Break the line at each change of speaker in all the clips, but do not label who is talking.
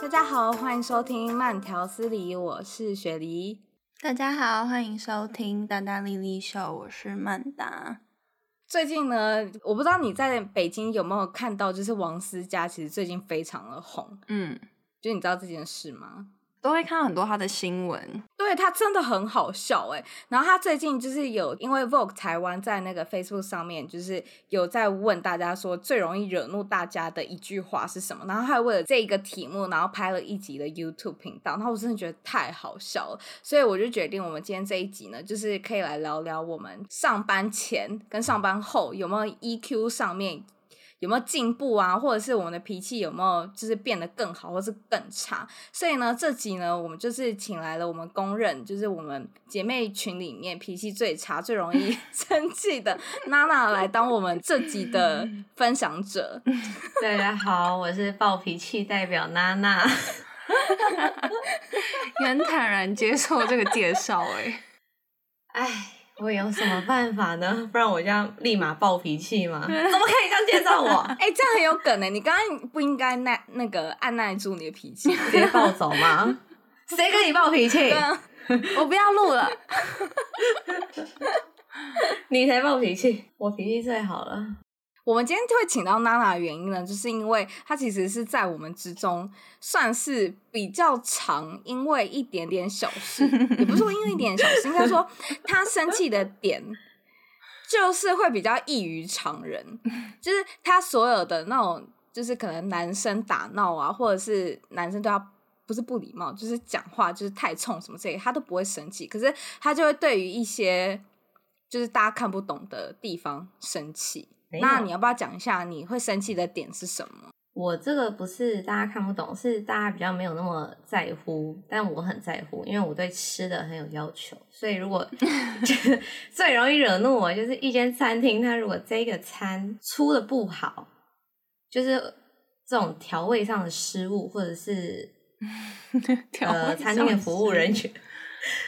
大家好，歡迎收聽慢條斯理，我是雪梨。大家好，歡迎收聽達達麗麗秀，我是曼達。最近呢，我不知道你在北京有沒有看到，就是王思佳其實最近非常的紅，嗯，就你知道這件事嗎？都會看到很多他的新聞，對，他真的很好笑耶，然後他最近就是有因為 Vogue 台灣在那個 Facebook 上面就是有在問大家說最容易惹怒大家的一句話是什麼，然後他還為了這一個題目，然後拍了一集的 YouTube 頻道。然後我真的覺得太好笑了，所以我就決定我們今天這一集呢，就是可以來聊聊我們上班前跟上班後有沒有 EQ 上面。有沒有進步啊？或者是我們的脾氣有沒有就是變得更好，或是更差？所以呢，這集呢，我們就是請來了我們公認就是我們姐妹群裡面脾氣最差、最容易生氣的娜娜來當我們這集的分享者。
大家好，我是暴脾氣代表娜娜。很 坦然接受這個介紹，欸，哎。我有什麼辦法呢？不然我這樣立馬暴脾氣嗎？ 怎麼可以這樣介紹我？哎
欸，這樣很有梗哎！你剛剛不應該耐那，那個按捺住你的脾氣，別暴走嗎？誰 跟你暴脾氣？ 我不要錄了！ 你才暴脾氣，我脾氣最好了。我們今天就會請到娜娜的原因呢，就是因為她其實是在我們之中算是比較常，因為一點點小事， 也不是說因為一點點小事，應該說她生氣的點就是會比較異於常人，就是他所有的那種，就是可能男生打鬧啊，或者是男生對他不是不禮貌，就是講話就是太衝什麼這些，他都不會生氣，可是他就會對於一些就是大家看不懂的地方生氣。那你要不要講一下你會生氣的
點是什麼？我這個不是大家看不懂，是大家比較沒有那麼在乎，但我很在乎，因為我對吃的很有要求，所以如果 就是最容易惹怒我，就是一間餐廳，它如果這個餐出的不好，就是這種調味上的失誤，或者是 調味呃餐廳的服務人員。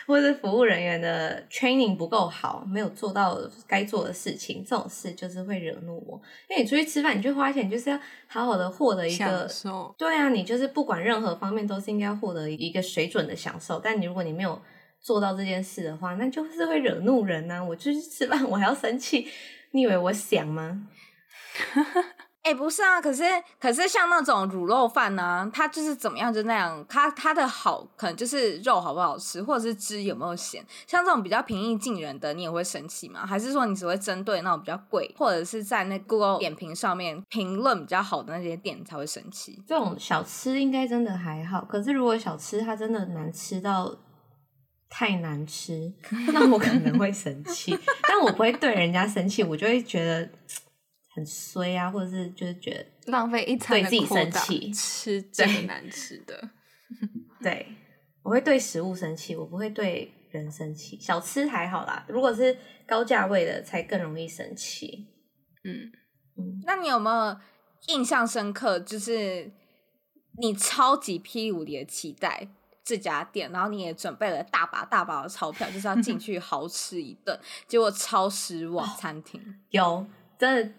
或是服務人員的 training 不夠好，沒有做到該做的事情，這種事就是會惹怒我。因為你出去吃飯，你去花錢就是要好好的獲得一個，受對啊，你就是不管任何方面都是應該獲得一個水準的享受。但你如果你沒有做到這件事的話，那就是會惹怒人啊。我出去吃飯我還要生氣，你以為我想嗎？ 哎，欸、不
是啊，可是可是像那種滷肉飯呢、啊，它就是怎麼樣就是、那樣，它它的好可能就是肉好不好吃，或者是汁有沒有鹹。像這種比較平易近人的，你也會生氣嗎？還是說你只會針對那種比較貴，或者是在那 Google 點評上面評論比較
好的那些店才會生氣？這種小吃應該真的還好，可是如果小吃它真的難吃到太難吃，那我可能會生氣， 但我不會對人家生氣，我就會覺得。很衰啊，或者是就是覺得
浪費一餐，對自己生氣，吃這很難吃
的。對，對我會對食物生氣，我不會對人生氣。小吃還好啦，如果是高價位的才更容易生氣。嗯，嗯那你有沒
有印象深刻？就是你超級霹靂無敵的期待這家店，然後你也準備了大把大把的鈔票，就是要進去豪吃一頓，結果超失望餐，餐廳、哦、有真的。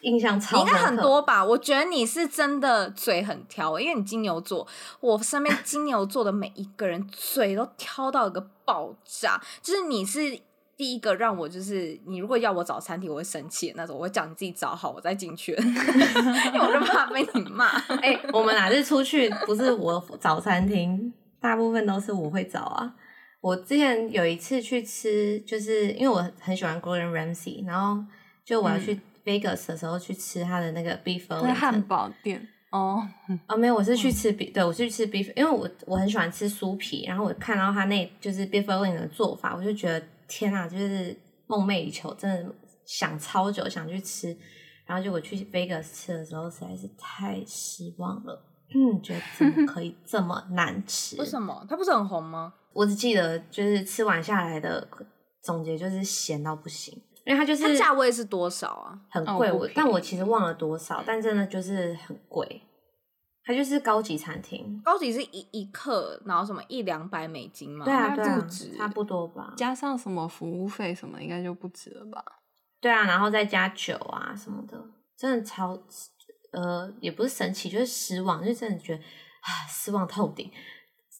印象差應該很多
吧？我覺得你是真的嘴很挑，因為你金牛座。我身邊金牛座的每一個人嘴都挑到一個爆炸， 就是你是第一個讓我就是你如果要我找餐廳，我會生氣那種。我會講你自己找好，我再進去， 因為我就怕被你
罵。哎、 欸，我們哪是出去？不是我找餐廳， 大部分都是我會找啊。我之前有一次去吃，就是因為我很喜歡 Gordon Ramsay，然後就我要去、嗯。Vegas 的時候去吃他的那個 Beef Wellington 漢堡店，oh. 哦哦，沒有，我是去吃 Beef 對，我是去吃 Beef 因為我我很喜歡吃酥皮然後我看到他那就是 Beef Wellington 的做法，我就覺得天啊，就是夢寐以求，真的想超久想去吃然後結果我去 Vegas 吃的時候實在是太失望了， 嗯，覺得怎麼可以這麼難吃？為什麼它不是很紅嗎？我只記得就是吃完下來的總結就是鹹到不行。因
為它就是價位是多少啊？
很貴貴，哦、我但我其實忘了多少，但真的就是很貴。它就是高級餐廳，
高級是一一克，然後什麼一兩百美金嘛對，啊！對啊，對啊，差不多吧。
加上什麼服務費什麼，應
該就不值了吧？對啊，然後再加酒啊什麼的，真的超，呃，也不是神奇，就是失望，就真的覺得啊，失望透頂，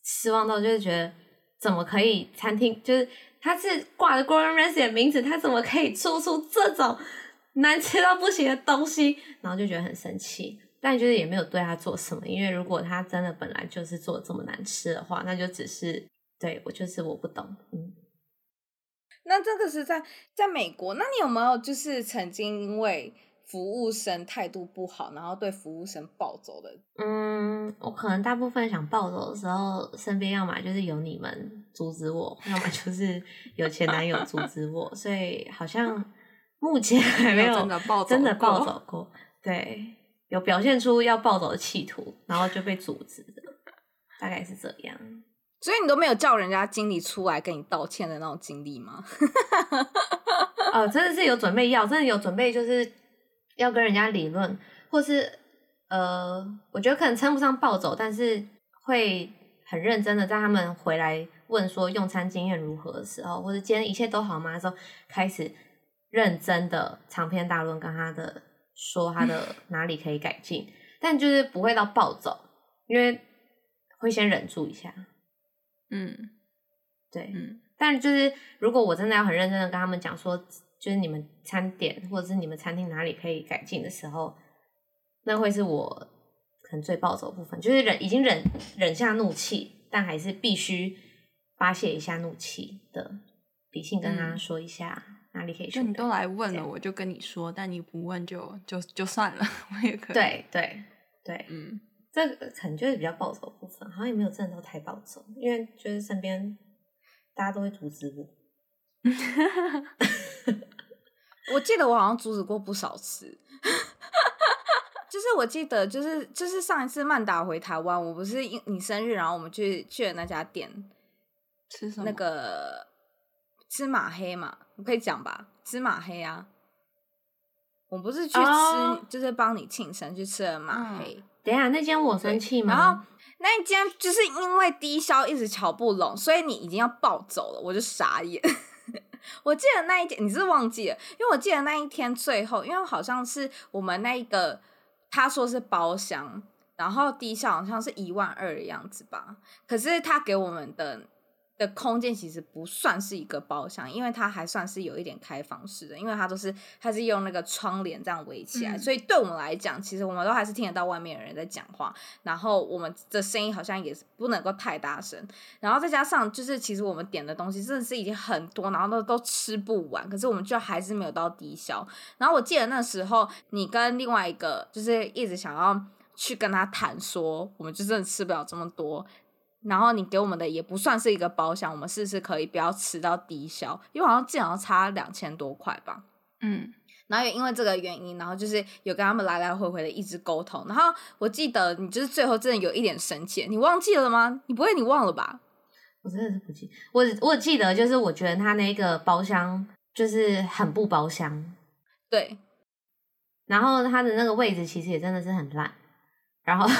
失望到就是覺得怎麼可以餐廳就是。他是掛着 Gordon Ramsay 的名字，他怎麼可以做出這種難吃到不行的東西？然後就覺得很生氣，但覺得也沒有對他做什麼，因為如果他真的本來就是做這麼難吃的話，那就只是對我就是我不懂，
嗯。那這個是在在美國，那你有沒有就是曾經因為？服務生態度不好，然後對服務生暴走的。
嗯，我可能大部分想暴走的時候，身邊要麼就是有你們阻止我，要麼就是有前男友阻止我， 所以好像目前還沒有真的暴走過。對，有表現出要暴走的企圖，然後就被阻止了。大概是這樣。
所以你都沒有叫人家經理出來跟你道歉的那種經歷嗎？
哦、 呃，真的是有準備要，真的有準備就是。要跟人家理論，或是呃，我覺得可能稱不上暴走，但是會很認真的在他們回來問說用餐經驗如何的時候，或者今天一切都好嗎的時候，開始認真的長篇大論跟他的說他的哪裡可以改進，嗯、但就是不會到暴走，因為會先忍住一下。嗯，對，嗯，但就是如果我真的要很認真的跟他們講說。就是你們餐點，或者是你們餐廳哪裡可以改進的時候，那會是我可能最暴走的部分，就是忍已經忍忍下怒氣，但還是必須發洩一下怒氣的，理性跟他說一下
哪裡可以說。那、嗯、樣你都來問了，我就跟你說，但你不問就就就算了，我也可以。對對
對，對對，嗯，這可能就是比較暴走的部分，好像也沒有真的都太暴走，因為就是身邊大家都會阻止我。 我記得我好像阻止過不少次，
就是我記得就是就是上一次曼達回台灣，我不是因你生日，然後我們去去了那家店，吃什麼那個芝麻黑嘛，我可以講吧？芝麻黑啊，我不是去吃，oh. 就是幫你慶生去吃了麻黑，oh. 等一下那間我生氣嘛，然後那間就是因為低消一直喬不攏，所以你已經要暴走了，我就傻眼。我記得那一天，你是，是忘記了，因為我記得那一天最後，因為好像是我們那個他說是包廂，然後低消好像是一萬二的樣子吧，可是他給我們的的空間其實不算是一個包廂，因為它還算是有一點開放式的，因為它都是它是用那個窗簾這樣圍起來，嗯，所以對我們來講，其實我們都還是聽得到外面有人在講話，然後我們的聲音好像也不能夠太大聲，然後再加上就是其實我們點的東西真的是已經很多，然後都都吃不完，可是我們就還是沒有到低消。然後我記得那時候你跟另外一個就是一直想要去跟他談說，我們就真的吃不了這麼多。然後你給我們的也不算是一個包廂。我們試試可以，不要吃到低消，因為好像至少要差兩千多塊吧。嗯，然後也因為這個原因，然後就是有跟他們來來回回的一直溝通，然後我記得你就是最後真的有一點生氣，你忘記了嗎？你不會你忘了
吧？我真的是不記，我我記得就是我覺得他那一個包廂就是很不包廂，嗯，對，然後他的那個位置其實也真的是很爛，然後。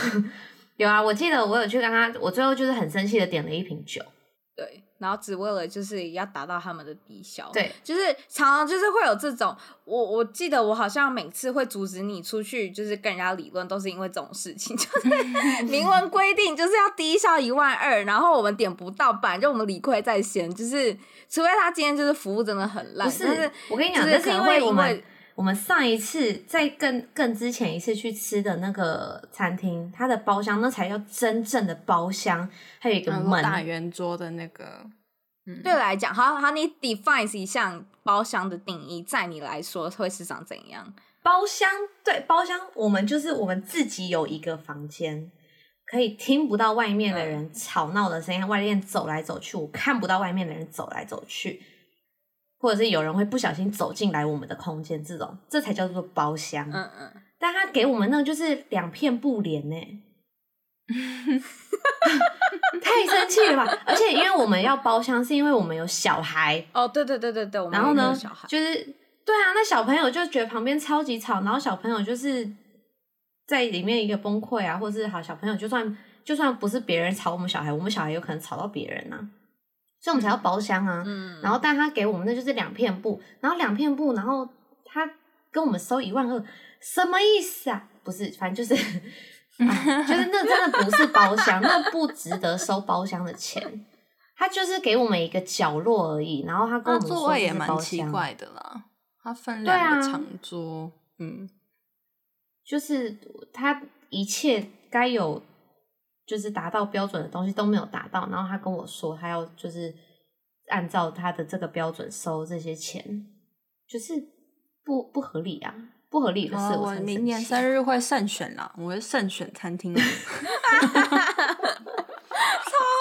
有啊，我記得我有去跟他，我最後就是很生氣的點了一瓶酒，
對，然後只為了就是要達到他們的低消。對，
就是常
常就是會有這種，我我記得我好像每次會阻止你出去，就是跟人家理論，都是因為這種事情，就是 明文規定就是要低消一萬二，然後我們點不到半，反就我們理虧在先，就是除非他今天就是服務真的很爛，不是，但是我跟你講，這是因為，因為我們。
我們上一次在更更之前一次去吃的那個餐廳，它的包廂那才叫真正的包廂，還有一個大圓桌的那個。
嗯、對來講，好好，你 define 一下包廂的定義，在你來說會是長怎樣？
包廂，對包廂，我們就是我們自己有一個房間，可以聽不到外面的人吵鬧的聲音，嗯、外面走來走去，我看不到外面的人走來走去。或者是有人會不小心走進來我們的空間，這種，這才叫做包廂。嗯。嗯嗯，但他給我們那個就是兩片布簾呢， 太生氣了吧！ 而且因為我們要包廂，是因為我們有小孩。哦，對對對對對。然後呢，就是對啊，那小朋友就覺得旁邊超級吵，然後小朋友就是在裡面一個崩潰啊，或者是好小朋友就算就算不是別人吵我們小孩，我們小孩有可能吵到別人啊。所以我們才要包廂啊，嗯、然後但他給我們那就是兩片布，然後兩片布，然後他跟我們收一萬二，什麼意思啊？不是，反正就是， 啊、就是那真的不是包廂， 那不值得收包廂的錢，他就是給我們一個角落而已。然後他跟我們說、啊、座位也蠻奇怪的啦，
他分兩個長
桌，啊、嗯，就是他一切該有。就是達到標準的東西都沒有達到，然後他跟我說他要就是按照他的這個標準收這些錢，就是不不合理啊，不合理的是好我明年
生日會慎選，選了，我會慎選餐廳。
超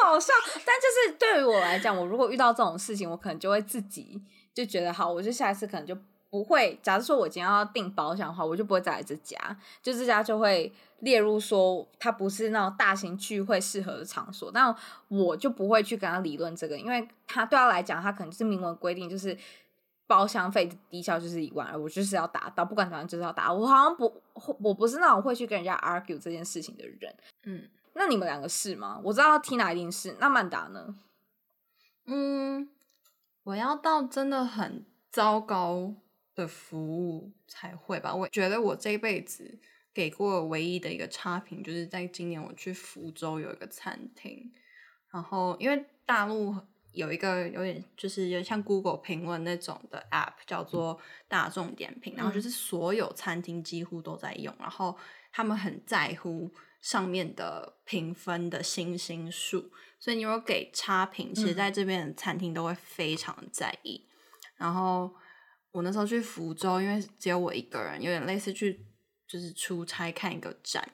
好笑！但就是對於我來講，我如果遇到這種事情，我可能就會自己就覺得好，我就下一次可能就不會。假如說我今天要訂包廂的話，我就不會再來這家，就這家就會。例如說，他不是那種大型聚會適合的場所，那我就不會去跟他理論這個，因為他對他來講，他可能是明文規定就是包廂費的低消，就是一萬，而我就是要達到，不管怎樣就是要達。我好像不，我不是那種會去跟人家 argue 這件事情的人。嗯，那你們兩個是嗎？我知道 Tina 一定是，那曼達呢？嗯，
我要到真的很糟糕的服務才會吧？我覺得我這一輩子。給過唯一的一個差評，就是在今年我去福州有一個餐廳，然後因為大陸有一個有點就是有點像 Google 評論那種的 app，叫做大眾點評，嗯、然後就是所有餐廳幾乎都在用，然後他們很在乎上面的評分的星星數，所以你如果給差評，其實在這邊的餐廳都會非常在意。嗯、然後我那時候去福州，因為只有我一個人，有點類似去。就是出差看一個展，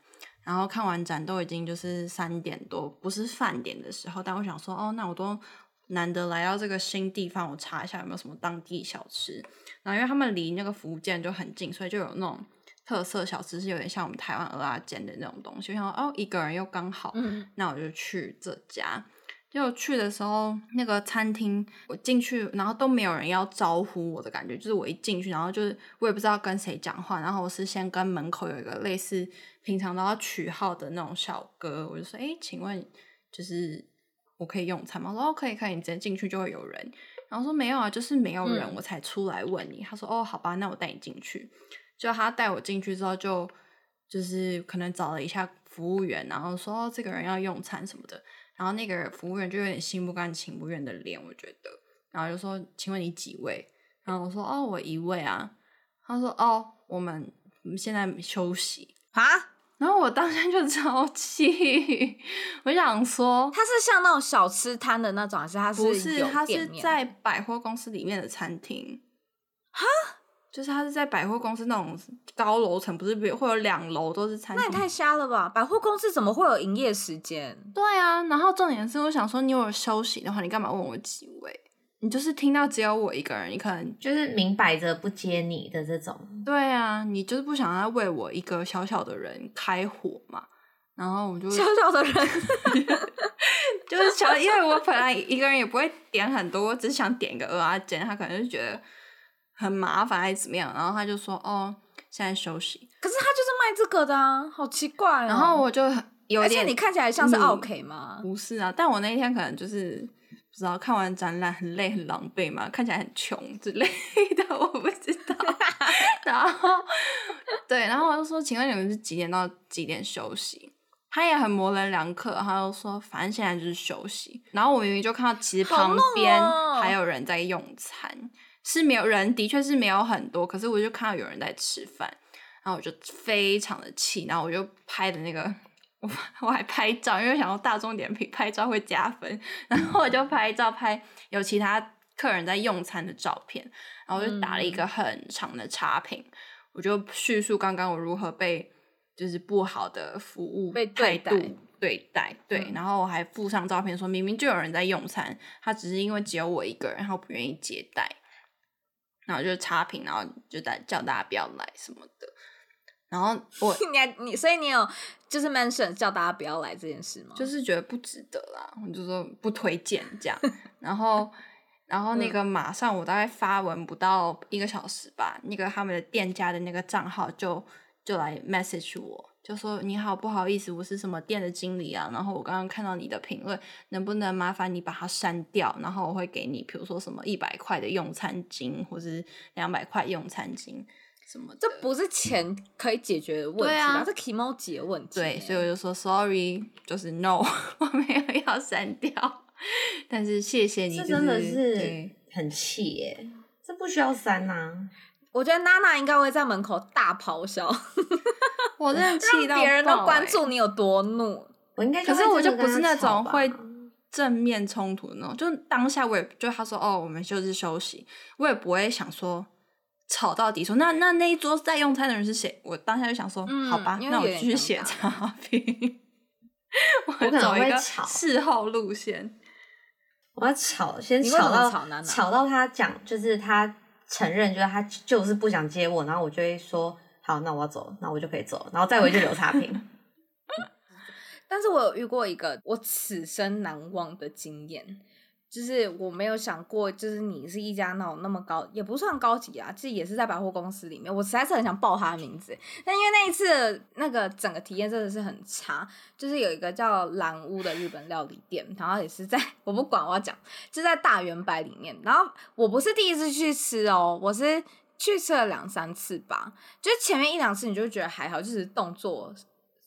然後看完展都已經就是三點多，不是飯點的時候。但我想說，哦，那我都難得來到這個新地方，我查一下有沒有什麼當地小吃。然後因為他們離那個福建就很近，所以就有那種特色小吃，是有點像我們台灣蚵仔煎的那種東西。我想說，哦，一個人又剛好，嗯，那我就去這家。就去的時候，那個餐廳我進去，然後都沒有人要招呼我的感覺，就是我一進去，然後就是我也不知道跟誰講話，然後我是先跟門口有一個類似平常都要取號的那種小哥，我就說：“哎，請問就是我可以用餐嗎？”他說：“哦，可以，可以，你直接進去就會有人。”然後說：“沒有啊，就是沒有人，我才出來問你。嗯”他說：“哦，好吧，那我帶你進去。”就他帶我進去之後，就就是可能找了一下服務員，然後說：“哦，這個人要用餐什麼的。”然後那個服務員就有點心不甘情不願的臉，我覺得，然後就說：“請問你幾位？”然後我說：“哦，我一位啊。”他說：“哦，我們，我們現在休息啊。”然後我當天就超氣， 我想說，他是像那種小吃攤的那種，還是他不是？他是在百貨公司裡面的餐廳？哈？就是他是在百貨公司那種高樓層，不是別會有兩樓都是
餐廳？那也太瞎了吧！百貨公司怎麼會有營業時間？
對啊，然後重點是，我想說，你有休息的話，你幹嘛問我幾位？
你就是聽到只有我一個
人，你可能就
是
明擺着不接你的這種。
對啊，你就是不想要為我一個小小的人開火嘛？然後我就小小的人，
就是想，
因為我本來一個人也不會點很多，我只想點一個蚵仔煎，他可能就覺得。很麻煩還是怎麼樣？然後他就說：“哦，現在休息。”
可是他就是賣這個的啊，好奇怪、啊。然後我就有點，而且你看起來像是奧客嗎、
嗯？不是啊，但我那一天可能就是不知道看完展覽很累很狼狽嘛，看起來很窮之類的，我不知道。 然後 對，然後我就說：“ 請問你們是幾點到幾點休息？”他也很模棱兩可，然後他又說：“反正現在就是休息。”然後我明明就看到，其實旁邊還有人在用餐。是沒有人，的確是沒有很多，可是我就看到有人在吃飯，然後我就非常的氣，然後我就拍的那個，我我還拍照，因為想到大眾點評拍照會加分，然後我就拍照、嗯、拍有其他客人在用餐的照片，然後我就打了一個很長的差評，嗯、我就敘述剛剛我如何被就是不好的服務被對待對待，對，嗯、然後我還附上照片，說明明就有人在用餐，他只是因為只有我一個人，然後不願意接待。然後就差評，然後就大叫大家不要來什麼的。然後我 你
你，所以你有就是 mention 叫大家不要來這件事嗎？就是覺得不值得啦，我就說
不推薦這樣。 然後然後那個馬上我大概發文不到一個小時吧，那個他們的店家的那個賬號就。就來 message 我，就說你好，不好意思，我是什麼店的經理啊，然後我剛剛看到你的評論，能不能麻煩你把它刪掉？然後我會給你，比如說什麼一百塊的用餐金，或是兩百塊用餐金，什麼？
這不是錢可以解決的問題，而、啊啊、是禮貌的問題、欸。對，所以我就說 sorry，就是 no， 我
沒有要刪掉。
但是謝謝你、就是，這真的是很氣耶、欸，這
不需要刪啊。我覺得娜娜應該會在門口大咆哮，我真的氣到爆、欸、 讓別人都關注你有多怒。可是我就不是那種會正
面衝突的那種。就當下我也就他說哦，我們就是休息，我也不會想說吵到底說。說那那那一桌在用餐的人是誰？我當下就想說、嗯、好吧，那我繼續寫差評。我, 我找一個事
後路線，我要吵先吵到吵,吵到他講，就是他。承認就是他就是不想接我，然後我就會說好，那我要走，那我就可以走，然後再回去留差評。
但是我有遇過一個我此生難忘的經驗。就是我沒有想過，就是你是一家那種那麼高，也不算高級啊，其實也是在百貨公司裡面。我實在是很想報他的名字，但因為那一次那個整個體驗真的是很差。就是有一個叫藍屋的日本料理店，然後也是在我不管我要講，就在大遠百裡面。然後我不是第一次去吃哦、喔，我是去吃了兩三次吧。就前面一兩次你就會覺得還好，就是動作。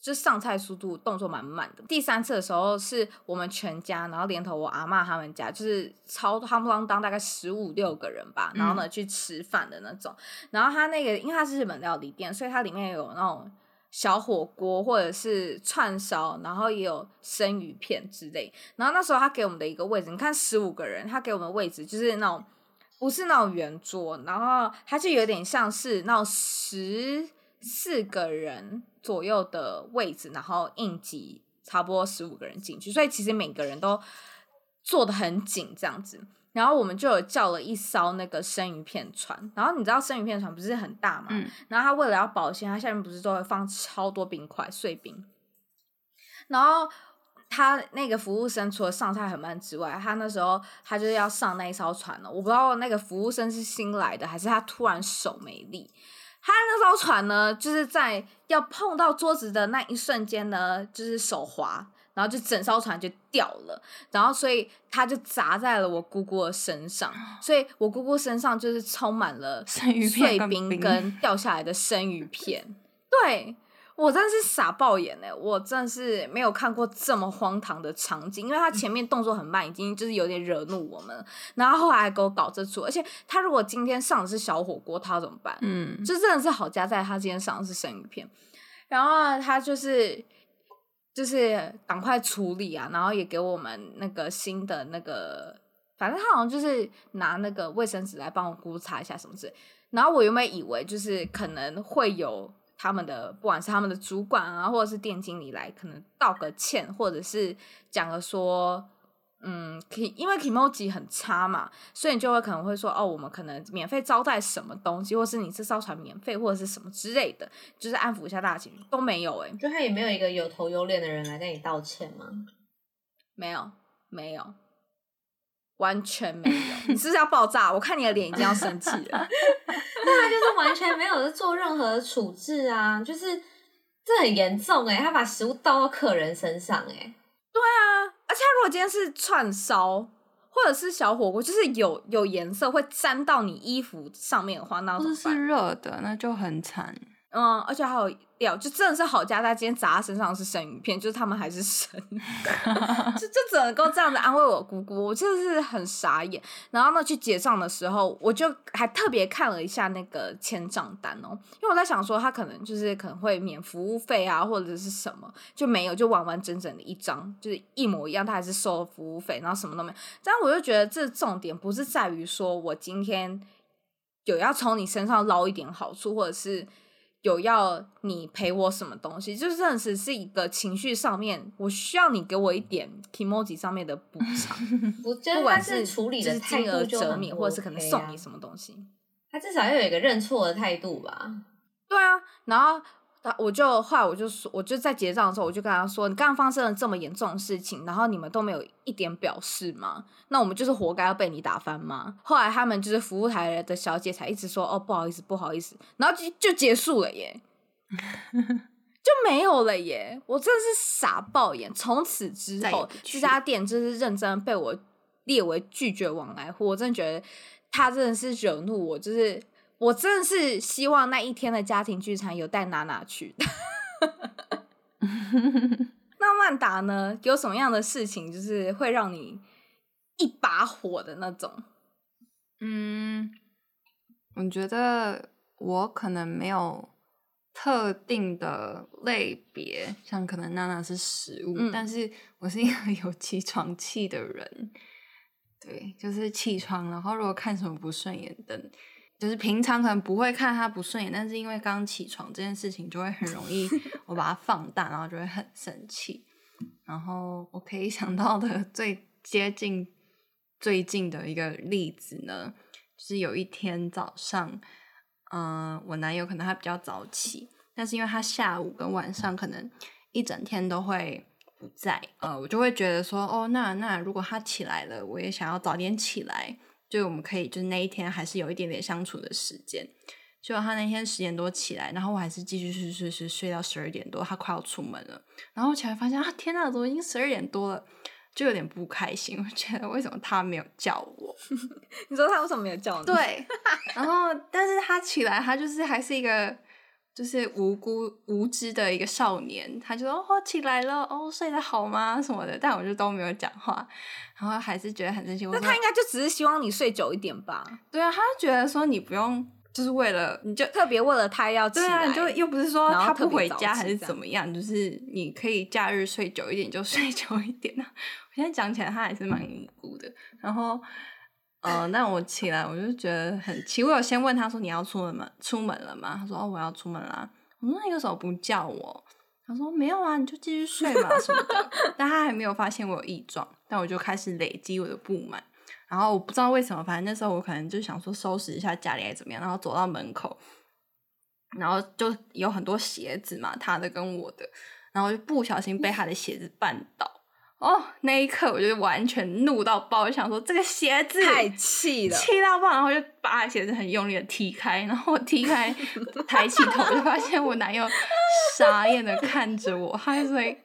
就上菜速度動作蠻慢的。第三次的時候是我們全家，然後連同我阿嬤他們家，就是超哐當當大概十五六個人吧，然後呢去吃飯的那種。然後他那個因為他是日本料理店，所以它裡面有那種小火鍋或者是串燒，然後也有生魚片之類。然後那時候他給我們的一個位置，你看十五個人，他給我們的位置就是那種不是那種圓桌，然後他就有點像是那種十四個人。左右的位置，然後應急差不多十五個人進去，所以其實每個人都坐得很緊，這樣子。然後我們就有叫了一艘那個生魚片船，然後你知道生魚片船不是很大嘛？嗯，然後他為了要保鮮，他下面不是都會放超多冰塊、碎冰。然後他那個服務生除了上菜很慢之外，他那時候他就是要上那一艘船了，我不知道那個服務生是新來的還是他突然手沒力。他那艘船呢，就是在要碰到桌子的那一瞬間呢，就是手滑，然後就整艘船就掉了，然後所以他就砸在了我姑姑的身上，所以我姑姑身上就是充滿了碎冰跟掉下來的生魚片，對。我真的是傻爆眼呢、欸！我真的是沒有看過這麼荒唐的場景，因為他前面動作很慢，已經就是有點惹怒我們了，嗯、然後後來還給我搞這出，而且他如果今天上的是小火鍋，他要怎麼辦？嗯，就真的是好加在他今天上的是生魚片，然後他就是就是趕快處理啊，然後也給我們那個新的那個，反正他好像就是拿那個衛生紙來幫我估擦一下什麼事，然後我原本以為就是可能會有。他們的不管是他們的主管啊，或者是店經理來，可能道個歉，或者是講個說，嗯，因為 kimochi 很差嘛，所以你就會可能會說，哦，我們可能免費招待什麼東西，或是你是燒傳免費，或者是什麼之類的，就是安撫一下大家情緒。都沒有誒，就他也沒有一個有頭有臉的人來跟你道歉嗎？沒有，沒有。完全沒有，你是不是要爆炸？ 我看你的臉已經要生氣了。
對啊，就是完全沒有做任何處置啊，就是這很嚴重哎，他把食物倒到客人身上哎。
對啊，而且他如果今天是串燒或者是小火鍋，就是有有顏色會沾到你衣服上面的話，那都是
熱的，那就很慘。
嗯，而且還有料，就真的是好家在今天砸他身上是生魚片，就是他們還是生魚，就就只能夠這樣子安慰我姑姑，我真的是很傻眼。然後呢，去結賬的時候，我就還特別看了一下那個簽賬單哦，因為我在想說他可能就是可能會免服務費啊，或者是什麼，就沒有就完完整整的一張，就是一模一樣，他還是收了服務費，然後什麼都沒有。但是我就覺得這重點不是在於說我今天有要從你身上撈一點好處，或者是。有要你陪我什麼東西？就是認識是一個情緒上面，我需要你給我一點 emoji 上面的補償。 不管、就是處理的態度或者，是可能送你什麼東西，
他至少要有一個認錯的態度吧。對啊，然後。那我就後來我就說，
我就在結賬的時候，我就跟他說：“你剛剛發生了這麼嚴重的事情，然後你們都沒有一點表示嗎？那我們就是活該要被你打翻嗎？”後來他們就是服務台的小姐才一直說：“哦，不好意思，不好意思。”然後就就結束了耶， 就沒有了耶。我真的是傻爆眼。從此之後，這家店就是認真被我列為拒絕往來戶。我真的覺得他真的是惹怒我，就是。我真的是希望那一天的家庭聚餐，有帶娜娜去。 那曼達呢？有什麼樣的事情就是會讓你一把火的那種？
嗯，我覺得我可能沒有特定的類別，像可能娜娜是食物，嗯、但是我是一個有起床氣的人。對，就是起床，然後如果看什麼不順眼的。就是平常可能不會看他不順眼，但是因為剛起床這件事情，就會很容易我把它放大， 然後就會很生氣。然後我可以想到的最接近最近的一個例子呢，是有一天早上，嗯、呃，我男友可能他比較早起，但是因為他下午跟晚上可能一整天都會不在，呃，我就會覺得說，哦，那、啊、那、啊、如果他起來了，我也想要早點起來。就我們可以，就是那一天還是有一點點相處的時間。就他那天十點多起來，然後我還是繼續睡睡睡睡，睡，睡到十二點多，他快要出門了。然後我起來發現啊，天吶，怎麼已經十二點多了？就有點不開心，我覺得為什麼他沒有叫我？ 你說他
為什麼沒有叫你？對。然後，
但是他起來，他就是還是一個。就是無辜無知的一個少年，他就說，哦，起來了？哦，睡得好嗎？什麼的，但我就都沒有講話，然後
還是覺得很生氣。那他應該就只是希望你睡久一點吧？
對啊，他覺得說你不用就是為了你就特別為了他要起來，對啊、你就又不是說他不回家還是怎麼樣，樣就是你可以假日睡久一點就睡久一點呢、啊。 我現在講起來他還是蠻無辜的，然後。呃，那我起來我就覺得很奇怪，我有先問他說你要出門嗎？出門了嗎？他說哦，我要出門啦、啊。我說那個時候不叫我，他說沒有啊，你就繼續睡嘛，什麼的。 但他還沒有發現我有異狀，但我就開始累積我的不滿。然後我不知道為什麼，反正那時候我可能就想說收拾一下家裡還怎麼樣，然後走到門口，然後就有很多鞋子嘛，他的跟我的，然後就不小心被他的鞋子絆倒。哦，那一刻我就完全怒到爆，我想說這個鞋子太氣了，氣到爆，然後就把他鞋子很用力的踢開，然後踢開，抬起頭就發現我男友傻眼的看
着我，他以為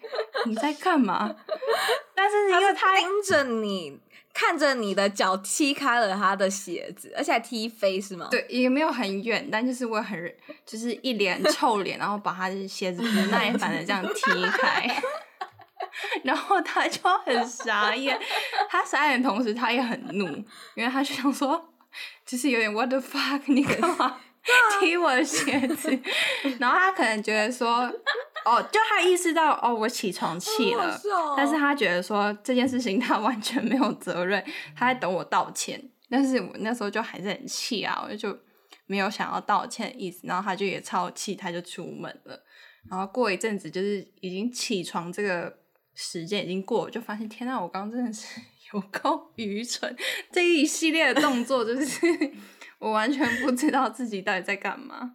你在幹嘛？ 但是因為他盯着你， 看着你的腳踢開了他的鞋子，而且還踢飛是嗎？對，也沒有很遠，但就是我很就是一臉臭臉， 然後把他的鞋子不 耐煩的這
樣踢開。然後他就很傻眼，他傻眼的同時，他也很怒，因為他就想說，就是有點 what the fuck，你幹嘛踢我的鞋子？啊、然後他可能覺得說， 哦，就他意識到哦，我起床氣了，但是他覺得說這件事情他完全沒有責任，他在等我道歉。但是我那時候就還是很氣啊，我就沒有想要道歉的意思。然後他就也超氣，他就出門了。然後過一陣子，就是已經起床這個。時間已經過了，我就發現天啊！我剛剛真的是有夠愚蠢，這一系列的動作就是 我完全不知道
自己到底在幹嘛。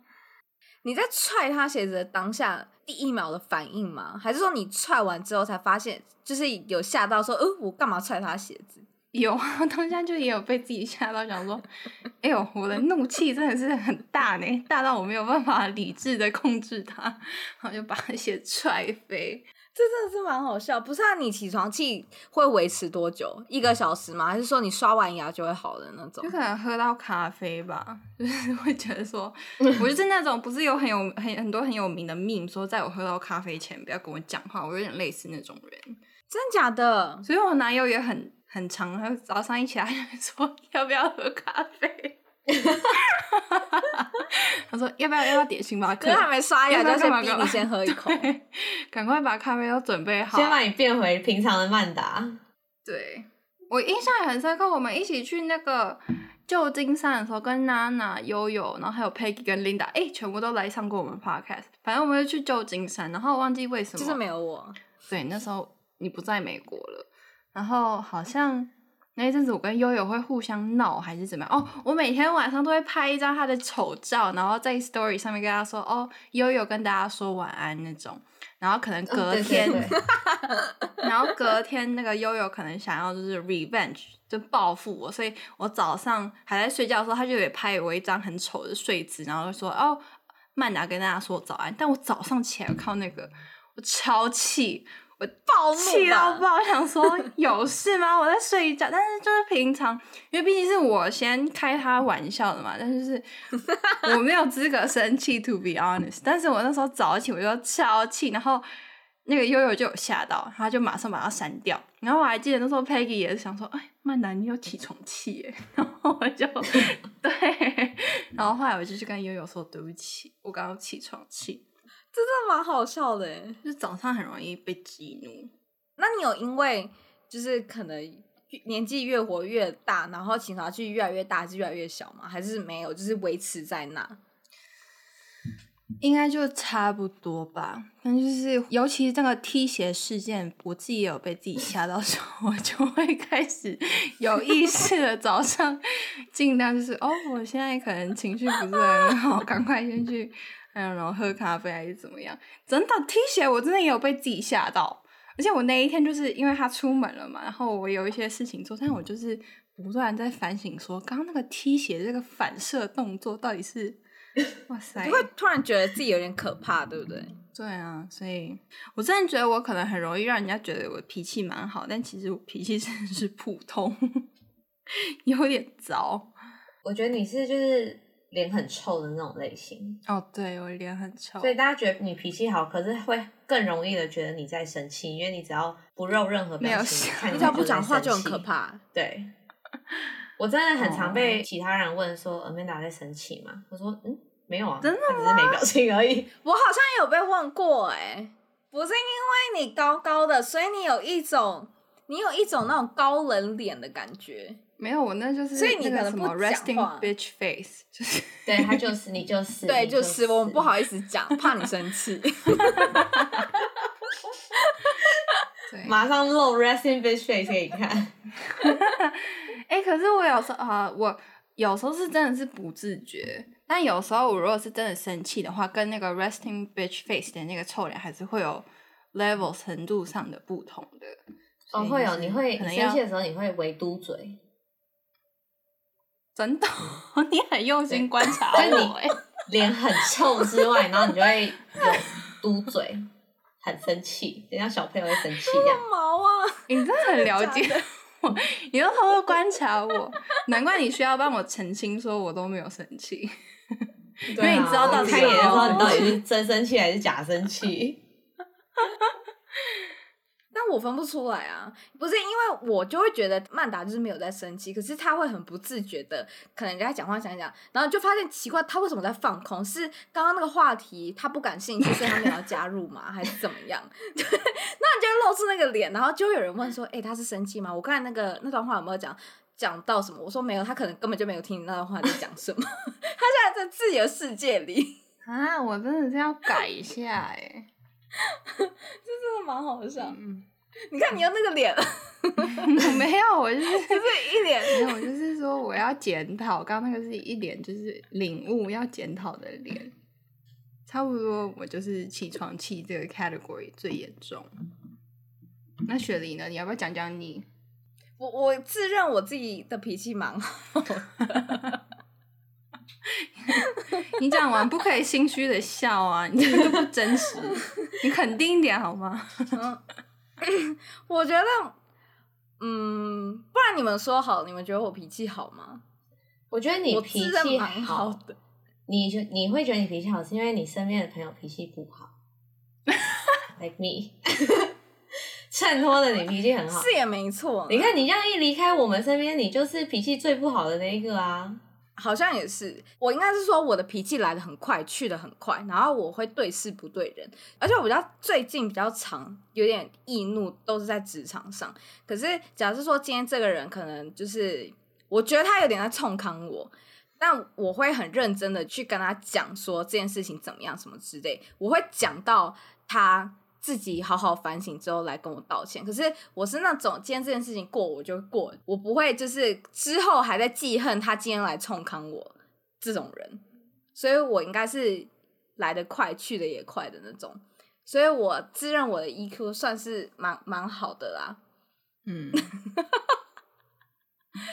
你在踹他鞋子的當下第一秒的反應嗎？還是說你踹完之後才發現，就是有嚇到說，呃，我幹嘛踹他鞋子？有啊，當下就也有被自己嚇到，想說，哎呦，我的怒氣真的是很大呢，大到我沒有辦法理智的控制它，然後就把他鞋踹飛。這真的是蠻好笑，不是啊？你起床氣會維持多久？一個小時嗎？還是說你刷完牙就會好的那種？就可能喝到咖啡吧，就
是會覺得說，嗯、我就是那種不是有很有很很，很多很有名的 meme，說在我喝到咖啡前不要跟我講話，我有點類似那種人。真的假的？所以，我男友也很很常，早上一起來就說要不要喝咖啡。哈哈哈哈哈！ 他說，要不要，要不要點星巴克？可是還沒刷牙，星巴克，先，你先喝一口，趕快把咖啡都準備好，先把你變回平常的曼達。對，我印象也很深刻，我們一起去那個舊金山的時候，跟娜娜、悠悠，然後還有 Peggy 跟 Linda，哎、欸，全部都來上過我們 Podcast。反正我們就去舊金山，然後我忘記為什麼，就是沒有我。對，那時候你不在美國了，然後好像。那一陣子，我跟悠悠會互相鬧還是怎麼樣？哦、oh，我每天晚上都會拍一張她的醜照，然後在 story 上面跟她說：“哦，悠悠跟大家說晚安那種。”然後可能隔天，然後隔天那個悠悠可能想要就是 revenge 就報復我，所以我早上還在睡覺的時候，她就也拍我一張很醜的睡姿，然後就說：“哦、oh, 啊，曼達跟大家說早安。”但我早上起來靠那個，我超氣。我爆，氣到爆， 想說，有事嗎？我在睡一覺。 但是就是平常，因為畢竟是我先開他玩笑的嘛。但是是我沒有資格生氣 ，to be honest。但是我那時候早起，我就超氣，然後那個悠悠就有嚇到，他就馬上把他刪掉。然後我還記得那時候 Peggy 也是想說， 哎，曼達你有起床氣耶，然後我就 對，然後後來
我就去跟悠悠說對不起，我剛剛起床氣。真的蠻好笑的，誒，就是早上很容易被激怒。那你有因為就是可能年紀越活越大，然後情緒去越來越大，還是，越來越大還是越來越小嗎？還是沒有，就是維持在那？
應該就差不多吧。反正就是，尤其是這個踢鞋事件，我自己也有被自己嚇到時候，我就會開始有意識的早上盡量 就是哦，我現在可能情緒不是很好， 然後趕快先去。還有，然後喝咖啡還是怎麼樣？真的，踢鞋我真的也有被自己嚇到。而且我那一天就是因為他出門了嘛，然後我有一些事情做，但我就是不斷在反省，說剛剛那個踢鞋這個反射動作到底
是……哇塞！你 會突然覺得自己有點可怕，對不對？
對啊，所以我真的覺得我可能很容易讓人家覺得我脾氣蠻好，但其實我脾氣真的是普
通， 有點糟。我覺得你是就是。臉很臭的那種類型哦，oh, 對，我臉很臭，所以大家覺得你脾氣好，可是會更容易的覺得你在生氣，因為你只要不露任何表情，沒有，你只要不講話就很可怕。對，我真的很常被其他人問說 Amanda 在生氣嗎？我說嗯，沒有啊，真
的，只是沒表情而已。我好像也有被問過，欸，哎，不是因為你高高的，所以你有一種你有一種那種高冷臉的感覺。
沒有，我那就是那個什麼 resting bitch face，就是對他
就是你就是 對就，死就是我們不好意思講，怕你生氣。 對馬上露 resting bitch face 給你看。
哎、 欸，可是我有時候啊，我有時候是真的是不自覺，但有時候我如果是真的生氣的話，跟那個 resting bitch face 的那個臭臉還是會有 level 程度上的不同的。哦，會有，你會可能生氣的
時候你會微嘟嘴。真的，你很用心觀察我、欸。臉、就是、很臭之外， 然後你就會有嘟嘴，很生氣。人家小朋友會
生氣呀。毛啊！你真的很了解我，
的的你又偷偷觀察我， 難怪你需要幫我澄清，說我都沒有生氣。
對因為你知道到，看一眼的時候，你到底是真生氣還是假生氣。 我分不出來啊，不是，因為我就會覺得曼達就是沒有在生氣，可是他會很不自覺的，可能跟他講話想一想，然後就發現奇怪，他為什麼在放空？是剛剛那個話題他不感興趣，所以他沒有加入嗎， 還是怎麼樣？對，那你就露出那個臉，然後就有人問說：“誒、欸，他是生氣嗎？”我看那個那段話有沒有講講到什麼？我說沒有，他可能根本就沒有聽你那段話在講什麼， 他現在在自由世界裡啊！我真的是要改一下哎，、欸， 這真的蠻好笑。你
看，你要那個臉，我沒有，我就是 就是一臉沒有，我就是說我要檢討。剛剛那個是一臉就是領悟，要檢討的臉。差不多，我就是起床氣這個 category
最嚴重。那雪梨呢？你要不要講講你？我我自認我自己的脾氣蠻好。 你講完不可以心虛的笑啊！你這個不真實，你肯定一點好嗎？ 我覺得，嗯，不然你們說好，你們覺得我脾氣好嗎？
我覺得你脾氣蠻好，好的。你覺你會覺得你脾氣好，是因為你身邊的朋友脾氣不好，like me，襯 托的你脾氣很好， 是也沒錯。你看你這樣一離開我們身邊，你就是脾氣最不好的那一個啊。好像也是，我應該是說
我的脾氣來得很快，去得很快，然後我會對事不對人，而且我比較最近比較常，有點易怒，都是在職場上。可是，假設說今天這個人可能就是，我覺得他有點在沖康我，但我會很認真的去跟他講說這件事情怎麼樣，什麼之類，我會講到他。自己好好反省，之後來跟我道歉，可是我是那種今天這件事情過我就過，我不會就是之後還在記恨他今天來衝康我這種人，所以我應該是來得快去得也快的那種，所以我自認我的 EQ 算是蠻蠻好的啦，嗯，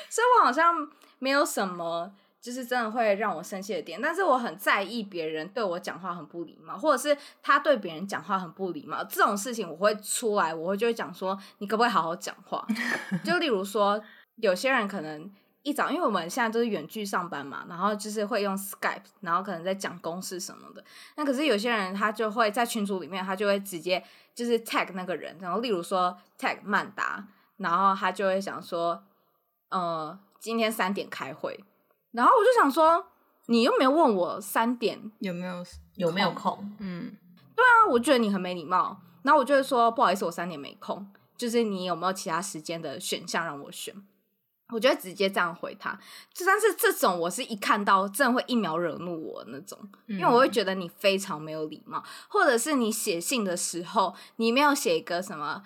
所以我好像沒有什麼。就是真的會讓我生氣的點，但是我很在意別人對我講話很不禮貌，或者是他對別人講話很不禮貌這種事情，我會出來，我會就會講說你可不可以好好講話。 就例如說，有些人可能一早，因為我們現在都是遠距上班嘛，然後就是會用 Skype，然後可能在講公事什麼的。那可是有些人他就會在群組裡面，他就會直接就是 tag 那個人，然後例如說 tag 曼達，然後他就會想說，呃，今天三點開會。然後我就想說，你又沒有問我三點有沒有
有沒有空？
嗯，對啊，我覺得你很沒禮貌。然後我就會說，不好意思，我三點沒空，就是你有沒有其他時間的選項讓我選？我覺得直接這樣回他，就算是這種，我是一看到真的會一秒惹怒我那種，因為我會覺得你非常沒有禮貌，或者是你寫信的時候，你沒有寫一個什麼。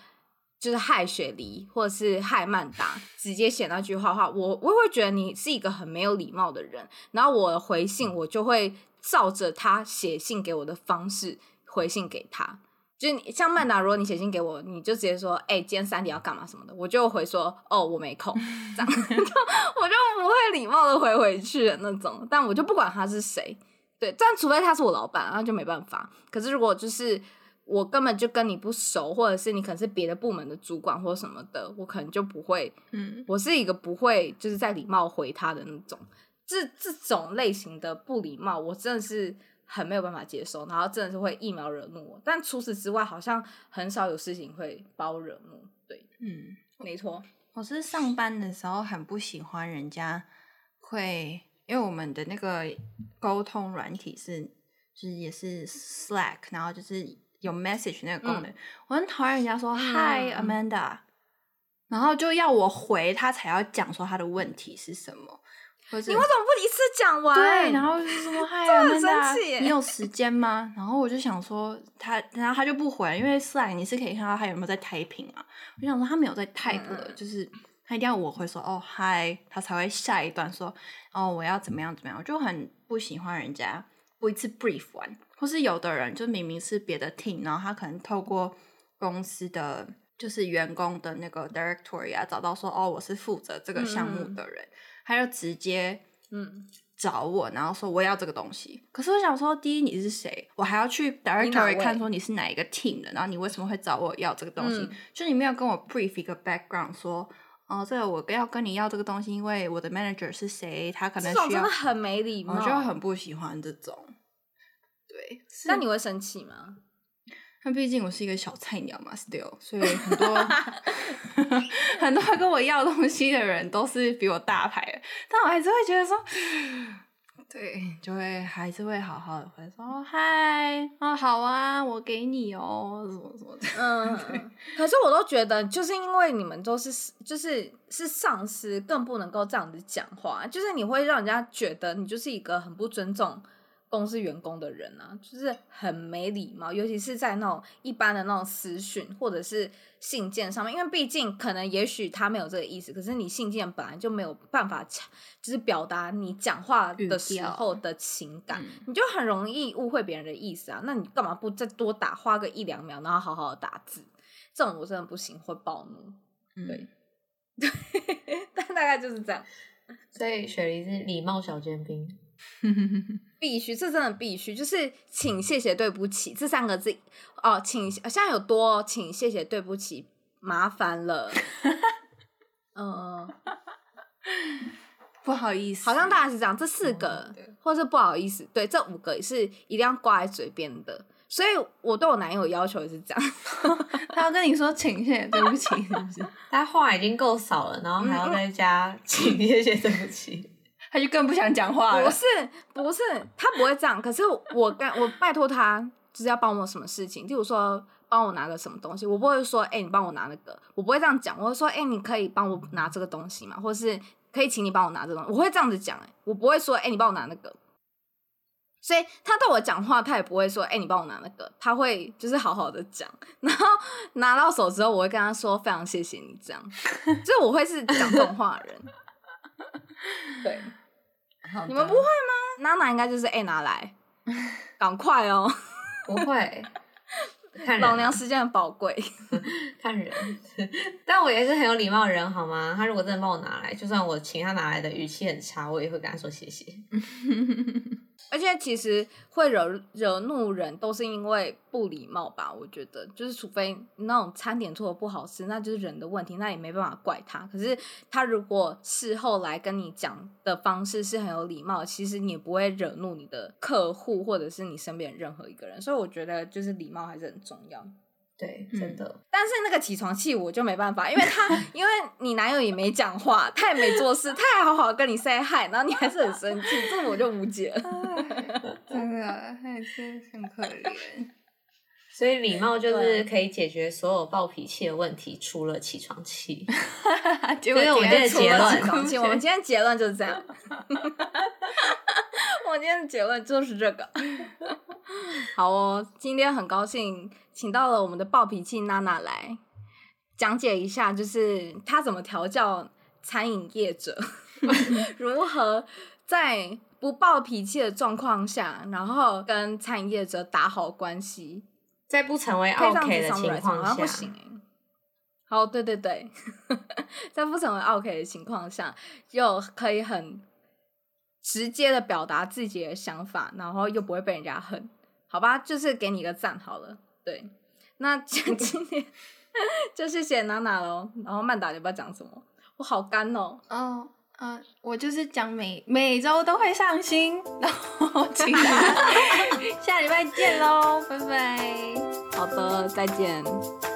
就是嗨雪梨，或者是嗨曼達，直接寫那句話的話，我我會覺得你是一個很沒有禮貌的人。然後我回信，我就會照着他寫信給我的方式回信給他。就是你像曼達，如果你寫信給我，你就直接說：“哎、欸，今天三點要幹嘛什麼的？”我就回說：“哦，我沒空。”這樣，我就 我就不會禮貌的回回去那種。但我就不管他是誰，對，但除非他是我老板，那就沒辦法。可是如果就是。我根本就跟你不熟，或者是你可能是別的部門的主管或什麼的，我可能就不會。嗯，我是一個不會就是在禮貌回他的那種。這這種類型的不禮貌，我真的是很沒有辦法接受，然後真的是會一秒惹怒我。但除此之外，好像很少有事情會把我惹怒。對，
嗯，
沒錯。我是上班的
時候很不喜歡人家會，因為我們的那個溝通軟體是，就是也是 Slack，然後就是。有 message 那個功能，嗯、我很討厭人家說 “Hi、嗯、Amanda”，然後就要我回他才要講說他的問題是什麼。你為什麼
不一次講完？對，然後就說 “Hi Amanda”，你有
時間嗎？然後我就想說他，然後他就不回，因為是啊，你是可以看到他有沒有在 typing 嘛，我就想說他沒有在 typing，、嗯嗯、就是他一定要我回說“哦、oh, Hi”，他才會下一段說“哦、oh, 我要怎麼樣怎麼樣”，我就很不喜歡人家不一次 brief 完。或是有的人就明明是別的 team，然後他可能透過公司的就是員工的那個 directory 啊，找到說哦，我是負責這個項目的人，嗯嗯，他就直接嗯找我，然後說我要這個東西。可是我想說，嗯、第一，你是誰？我還要去 directory 看說你是哪一個 team 的，然後你為什麼會找我要這個東西？嗯、就你沒有跟我 brief 一個 background，說哦、呃，這個我要跟你要這個東西，因為我的 manager 是誰，他可能需要。這真的很沒禮貌，我、呃、就很不喜歡這種。
但你會生氣嗎？那畢竟我是一個
小菜鳥嘛，still，、哦、所以很多 很多跟我要東西的人都是比我大牌，但我還是會覺得說，對，就會還是會好好的會
說，嗨，啊，好啊，我給你哦，什麼什麼的。嗯，可對是我都覺得，就是因為你們都是就是是上司，更不能夠這樣子講話，就是你會讓人家覺得你就是一個很不尊重公司員工的人啊，就是很沒禮貌，尤其是在那種一般的那種私訊或者是信件上面，因為畢竟可能也許他沒有這個意思，可是你信件本來就沒有辦法就是表達你講話的時候的情感，哦嗯、你就很容易誤會別人的意思啊。那你幹嘛不再多打，花個一兩秒，然後好好
的打字？這種我真的不行，會暴怒。嗯、
對，
對，但大概就是這樣。所以雪梨是禮貌小尖兵。
必須，這真的必須，就是請謝謝對不起這三個字哦，請現在有多，喔，請謝謝對不起麻煩了，嗯，不好意思，好像大概是這樣，這四個，嗯、或是不好意思，對，這五個也是一定要掛在嘴邊的，所以我對我男友要求也是這樣，
他要跟你說請謝謝對不起是不是， 他話已經夠少了，然後還要再加嗯嗯請謝謝對不起。他就更不想講話了。 不是不是，他
不會這樣。可是我跟我拜託他，就是要幫我什麼事情，例如說幫我拿個什麼東西，我不會說哎、欸，你幫我拿那個，我不會這樣講，我會說哎、欸，你可以幫我拿這個東西嘛，或是可以請你幫我拿這個東西，我會這樣子講。誒，我不會說哎、欸，你幫我拿那個。所以他對我講話，他也不會說哎、欸，你幫我拿那個，他會就是好好的講。然後拿到手之後，我會跟他說非常謝謝你，這樣。 就我會是講這種話的人， 對。你們不會嗎？娜娜應該就是哎、欸，拿
來，趕快哦！不會， 看人啊，老娘時間很寶貴， 看人。 但我也是很有禮貌的人，好嗎？他如果真的幫我拿來，就算我請他拿來的，語氣很差，我也會跟他說謝謝。 而且
其實會惹惹怒人，都是因為不禮貌吧？我覺得，就是除非那種餐點做的不好吃，那就是人的問題，那也沒辦法怪他。可是他如果事後來跟你講的方式是很有禮貌，其實你也不會惹怒你的客戶或者是你身邊任何一個人。所以我覺得，就是禮貌還是很重要。
對，
真的、嗯。但是那個起床氣我就沒辦法，因為他 因為你男友也沒講話，他也沒做事，他還好好跟你 say hi，然後你還是很生氣， 這個我就無解了。哎、
真的還是、哎、很可憐。
所以禮貌就是可以解決所有暴脾氣的問題，除了起床氣。
所以我們今天的結論， 我們今天結論就是這樣。 我今天的結論就是這個。 好哦，今天很高興請到了我們的暴脾氣娜娜來講解一下，就是她怎麼調教餐飲業者， 如何在不暴脾氣的狀況下，然後跟餐飲業者打好關係，在不成為澳客的情況下。好，不行。哦，對對對， 在不成為澳客的情況下，又可以很。直接的表達自己的想法，然後又不會被人家恨，好吧？就是給你個讚好了。對，那今天 就是寫娜娜咯，然後曼達就不要講什麼，我好乾哦。哦，oh, uh, 我就是講每每周都會上新，然後期待下禮拜
見嘍，拜拜。
好的，再見。